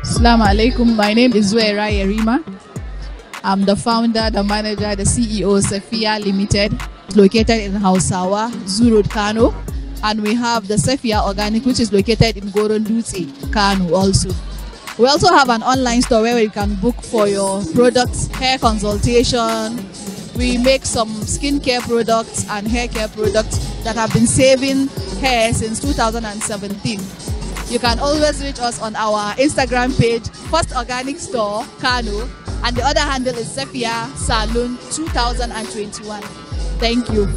Assalamu alaikum. My name is Zuera Yerima. I'm the founder, the manager, the CEO, Safia Limited, located in Hausawa, Zuru, Kano. And we have the Safia Organic, which is located in Gorondutse, Kano also. We also have an online store where you can book for your products, hair consultation. We make some skincare products and hair care products that have been saving hair since 2017. You can always reach us on our Instagram page, First Organic Store, Kano, and the other handle is Sepia Saloon 2021. Thank you.